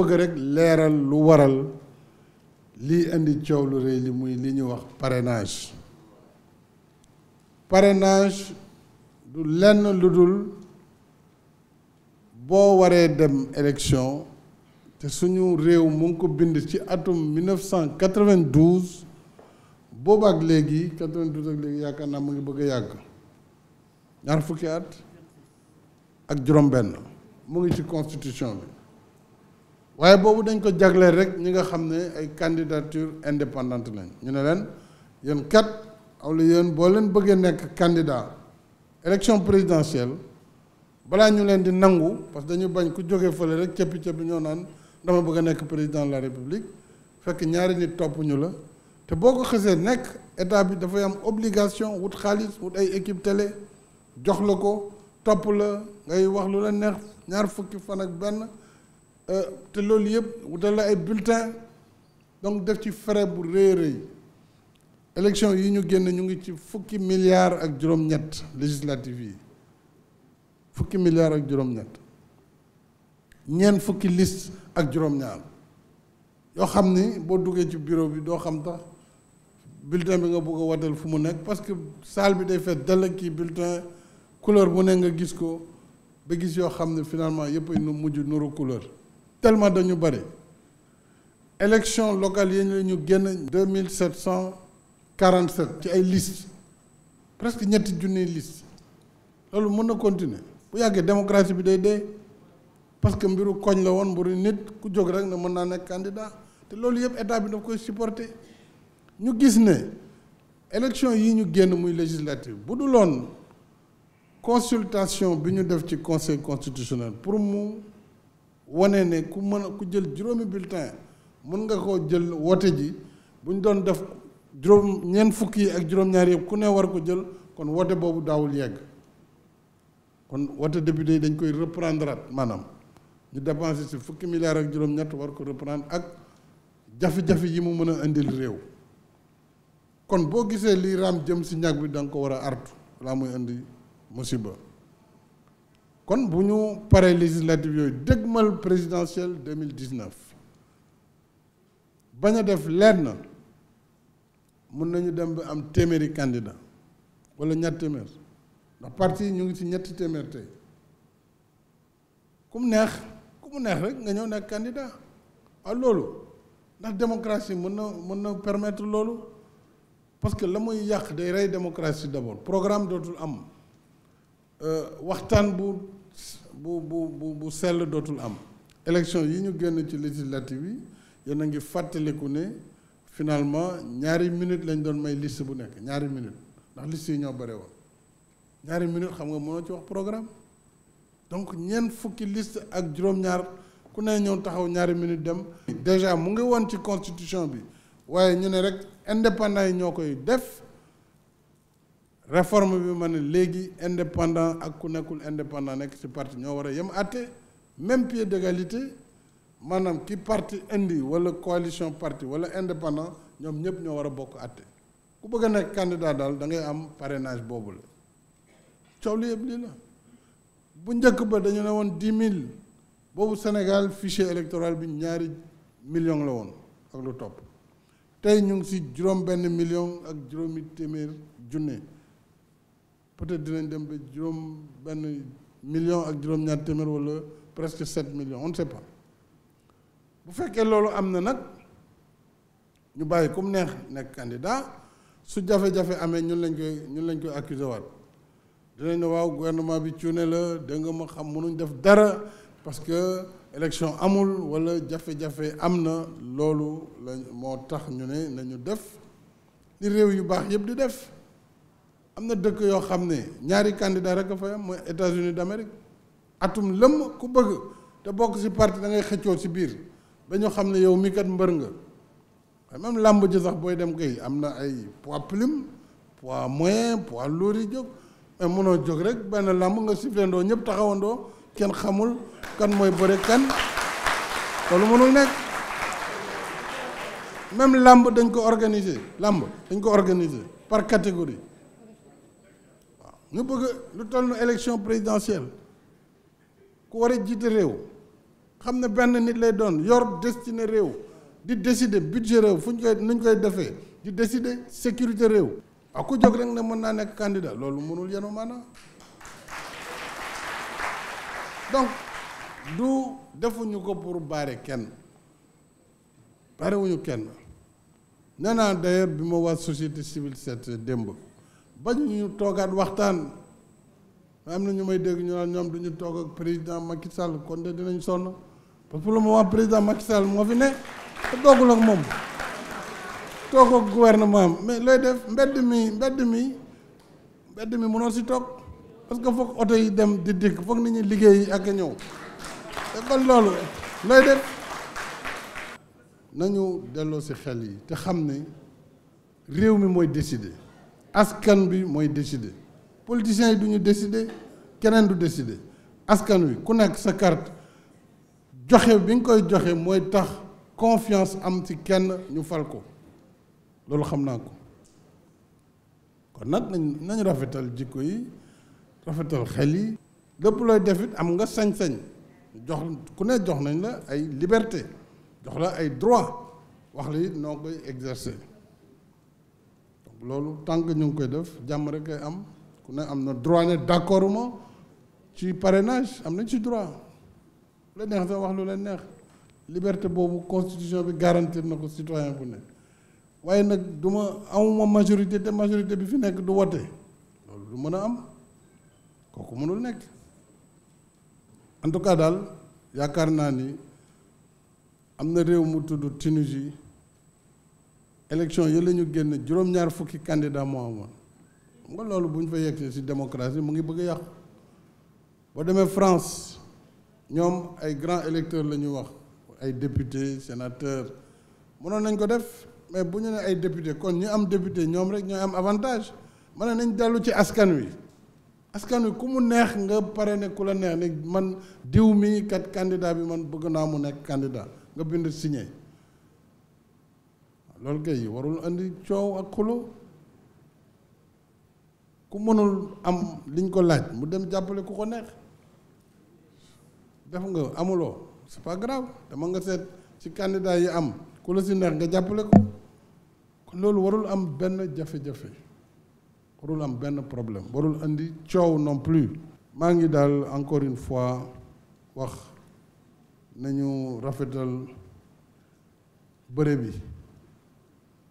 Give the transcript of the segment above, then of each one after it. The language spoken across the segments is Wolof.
bëgg rek leeral lu waral lii indi coow lu rëy li muy li ñu wax parenage parrainage du lenn lu dul boo waree dem élection te suñu réew mu ngi ko bind ci atum 1992 boobu ak léegi 92 ak léegi yaakaar naa mu ngi bëgg a yàgg ñaar fukki at ak juróom-benn mu ngi ci constitution bi. waaye boobu dañ ko jagleel rek ñi nga xam ne ay candidature indépendante lañ ñu ne leen yéen kat wala yéen boo leen bëggee nekk candidat élection présidentielle balaa ñu leen di nangu parce que dañu bañ ku jógee fële rek cëppi cëppi ñoo naan dama bëgg a nekk président de la république fekk ñaari nit topp ñu la te boo ko xësee nekk état bi dafay am obligation wut xaalis wut ay équipe télé jox la ko topp la ngay wax lu la neex ñaar fukki fan ak benn euh, te loolu yëpp la bulletin donc ci bu élection yi ñu ñu ngi milliards ak juróom-ñett législatives yi fukki milliards ak ñett liste ak juróom-ñaar yoo xam ni ci bureau bi doo xam bulletin bi nga parce que salle bi day fait bulletin couleur bu ne nga gis ko finalement yëpp nu couleur tellement dañu bëri élection locale yi ñu 2747 deux mille sept cent quarante ci ay liste presque ñetti junniy liste loolu mën na continuer bu yàggee démocratie bi day parce que mbiru koñ la woon mbiru nit ku jóg rek ne mën naa candidat te loolu yëpp état bi daf koy supporter ñu gis ne élection yi ñu génn muy législative bu Nous consultation bi ñu def ci conseil constitutionnel pour nous. wane ne ku mën a ku jël juróomi bulletin mën nga koo jël wote ji bu doon def juróom ñeent fukk yi ak juróom-ñaar yëpp ku ne war ko jël kon wote boobu daawul yegg kon wote député yi dañ koy reprendre at maanaam ñu dépensé si fukki milliards ak juróom-ñett war ko reprendre ak jafe-jafe yi mu mën a indil réew kon boo gisee lii raam jëm si ñag bi da ko war a artu laa muy indi musiba. kon bu ñu paree législative yooyu dëgmal présidentielle deux def lenn mën nañu dem ba am téeméeri candidat wala ñett téeméer ndax parti ñu ngi ci ñetti téeméer tey ku mu neex ku neex rek nga ñëw nekk candidat a ah, loolu ndax démocratie mën na mën na permettre loolu parce que la muy yàq day rey démocratie d'abord programme dootul am euh, waxtaan bu. bu bu bu bu sell dootul am élection yi ñu génn ci législative yi yéen a ngi fàttaliku ne finalement ñaari minute lañ doon may liste bu nekk ñaari minute ndax liste yi ñoo bare woon ñaari minute xam nga mënoo ci wax programme donc ñeent fukki list ak juróom-ñaar ku ne ñëw taxaw ñaari minute dem déjà mu ngi woon ci constitution bi waaye ñu ne rek indépendant yi ñoo koy def réforme bi ma légui indépendant ak ku nekul indépendant nek ci parti ño wara a yem même pied d'égalité manam ki parti indi wala coalition parti wala indépendant ñom ñep ñoo wara a bokk àtte ku bëgg nek candidat dal da ngay am parrainage bobu la coow li la bu njëkk ba dañu ne woon dix mille Sénégal fichier électoral bi ñaari million la won ak lu top tay ñu ngi ci juroom benn million ak juróomi téeméer junne peut-être dinañ dem ba juróom benn million ak juróom-ñaar téeméer wala presque sept millions on ne sait pas bu fekkee loolu am na nag ñu bàyyi kum neex nekk candidat su jafe-jafe amee ñun lañ koy ñun lañ koy accuser waat dinañ ne waaw gouvernement bi cuune la dégg nga ma xam mënuñ def dara parce que élection amul wala jafe-jafe am na loolu la moo tax ñu ne nañu def ni réew yu baax yëpp di def am na dëkk yoo xam ne ñaari candidat rek fa yam États-Unis d'Amérique atum lëmm ku bëgg te bokk ci parti da ngay xëccoo ci biir ba ñu xam ne yow mi kat mbër nga même làmb ji sax booy dem kay am na ay poids plume poids moyen poids lourd mais rek benn làmb nga siflendoo ñëpp taxawandoo kenn xamul kan mooy bëre kan loolu mënul nekk même làmb dañ ko organiser làmb dañ ko organiser par catégorie ñu bëgg lu toll élection présidentielle ku war a réew xam ne nit lay doon yor destiné réew di décider budget réew koy décider sécurité réew ak ah, ne candidat loolu mënul donc du defuñu ko pour kenn kenn d'ailleurs société civile cette bañ ñu toogaat waxtaan am na ñu may dégg ñu naan ñoom du ñu toog ak président Macky Sall kon de dinañ sonn parce que pour le moment président Macky Sall moo fi ne te toogul ak moom toog ak gouvernement am mais looy def mbedd mi mbedd mi mbedd mi mënoo si toog parce que foog oto yi dem di dikk foog nit ñi liggéey ak a ñëw te kon loolu looy def nañu delloo si xel yi te xam ne réew mi mooy décider askan bi moy décider politiciens duñu décider keneen du décider askan wi ku nekk sa carte joxe bi koy joxe confiance am ci kenn ñu fal ko loolu xam naa ko kon nag nañ rafetal jikko yi rafetal am nga sañ-sañ ne liberté jox la droit wax la exercer loolu tant que ñu ngi koy def jàmm rek ay am ku ne am na droit ne d'accord ma ci parrainage am nañ ci droit le neex sax wax lu leen neex liberté boobu constitution bi garantir na ko citoyen bu nekk waaye nag du ma amuma majorité te majorité bi fi nekk du wote loolu du mën a am kooku mënul nekk en tout cas daal yaakaar naa ni am na réew mu tudd Tunisie élection yi lañu ñu génn juróom-ñaar fukki candidat moo amoon xam nga loolu buñ fa yegg si démocratie mu ngi bëgg a yàqu boo demee France ñoom ay grand électeurs la ñuy wax ay députés sénateurs mënoon nañ ko def mais bu ñu ne ay député kon ñu am député ñoom rek ñooy am avantage mën nañ dellu ci askan wi askan wi ku mu neex nga pare ne ku la neex ne man diw mi kat candidat bi man bëgg naa mu nekk candidat nga bind signé loolu kay warul andi coow ak xuloo ku mënul am liñ ko laaj mu dem jàppale ku ko neex def nga amuloo c'est pas grave dama nga seet ci candidat yi am ku la si neex nga jàppale ko kon loolu warul am benn jafe-jafe warul am benn problème warul andi coow non plus maa ngi daal encore une fois wax nañu rafetal bëre bi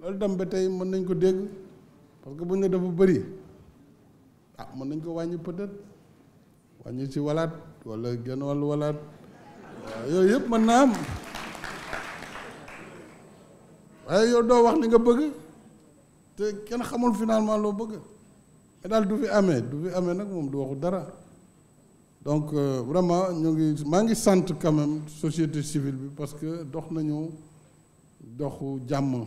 loolu dem ba tey mën nañ ko dégg parce que bu ñu dafa bëri ah mën nañ ko wàññi peut-être wàññi ci walaat wala genn wàllu walaat waaw yooyu yëpp mën naa am waaye yow doo wax li nga bëgg te kenn xamul finalement loo bëgg mais daal du fi amee du fi amee nag moom du waxu dara donc euh, vraiment ñu ngi maa ngi sant quand même société civile bi parce que dox nañu doxu jàmm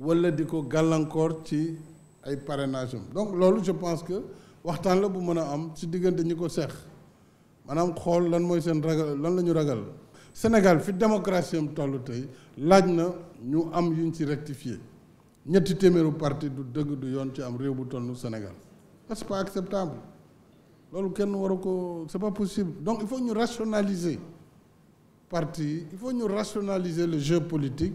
wala di ko ci donc je pense que waxtaan la bu a am ci diggante ñi lan ragal la Sénégal démocratie am toll tey na ñu am yuñ ci ñetti parti du du yoon ci Sénégal pas acceptable kenn c'est pas possible donc il faut ñu rationaliser parti il faut ñu rationaliser le jeu politique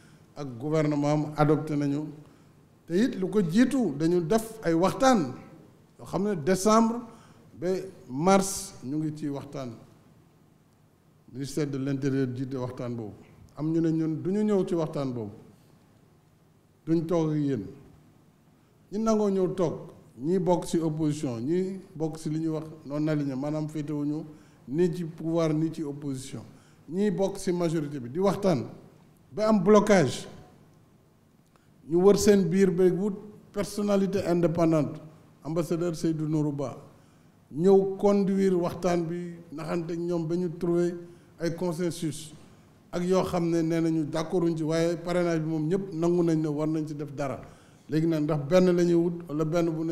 le gouvernement am adopté nañu te it lu ko jiitu dañu def ay waxtaan décembre ba mars ñu ngi ci waxtaan ministère de l'intérieur jiite waxtaan boobu am ñu ne ñun du ñëw ci waxtaan boobu duñ toog ak ñi nangoo ñëw toog ñi opposition ñi li wax nous. ni ci pouvoir ni ci opposition ñi bokk majorité bi di waxtaan ba am blocage ñu wër seen personnalité indépendante ambassadeur Seydou Nourouba conduire waxtaan bi trouver ay consensus ak yoo xam ne nañu d'accorduñ ci waaye parrainage bi moom ñëpp nangu nañ war nañ ci def dara ndax wut wala bu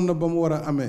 na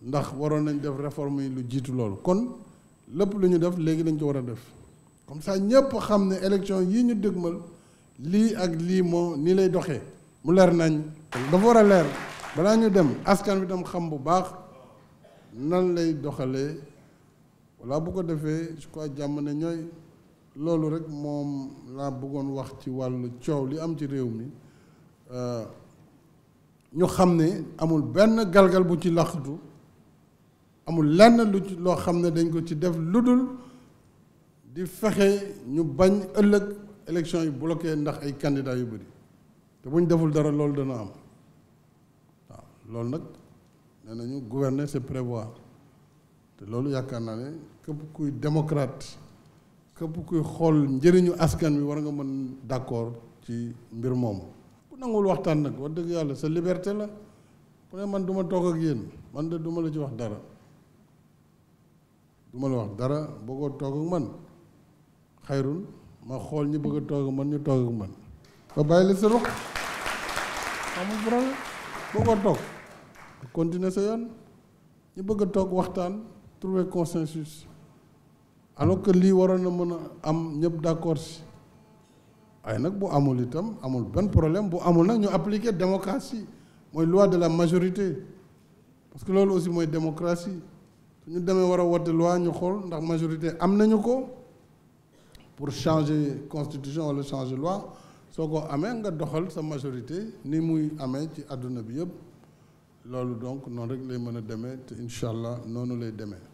ndax waroon nañ def réforme yi lu jiitu loolu kon lépp lu ñu def léegi lañ ko war a def comme ça ñëpp xam ne élection yi ñu dëgmal lii ak lii moo ni lay doxee mu leer nañ dafa war a leer balaa ñu dem askan bi tam xam bu baax nan lay doxalee wala bu ko defee je crois jàmm ne ñooy loolu rek moom laa bëggoon wax ci wàllu coow li am ci réew mi euh, ñu xam ne amul benn galgal bu ci laxatu amul lenn lu loo xam ne dañ ko ci def lu dul di fexe ñu bañ ëllëg élection yi bloqué ndax ay candidats yu bëri te buñ deful dara loolu dana am waaw loolu nag nee nañu gouverner c'est prévoir te loolu yaakaar naa ne képp kuy démocrate képp kuy xool njëriñu askan bi war nga mën d'accord ci mbir moomu ku nangul waxtaan nag wax dëgg yàlla sa liberté la ku ne man duma toog ak yéen man de duma la ci wax dara du la wax dara bëggoon toog ak man xayrun ma xool ñi bëgg a toog ak man ñu toog ak man ba bàyyi la sa ruq amul problème bëggoon toog continuer sa yoon bëgg toog waxtaan trouver consensus alors que lii waroon mën a am ñëpp d' accord si waaye nag bu amul itam amul benn problème bu amul nag ñu appliquer démocratie mooy loi de la majorité parce que loolu aussi mooy démocratie ñu demee war a wote loi ñu xool ndax majorité am nañu ko pour changer constitution wala changer loi soo ko amee nga doxal sa majorité ni muy amee ci àdduna bi yëpp loolu donc noonu rek lay mën a demee te incha allah noonu lay demee.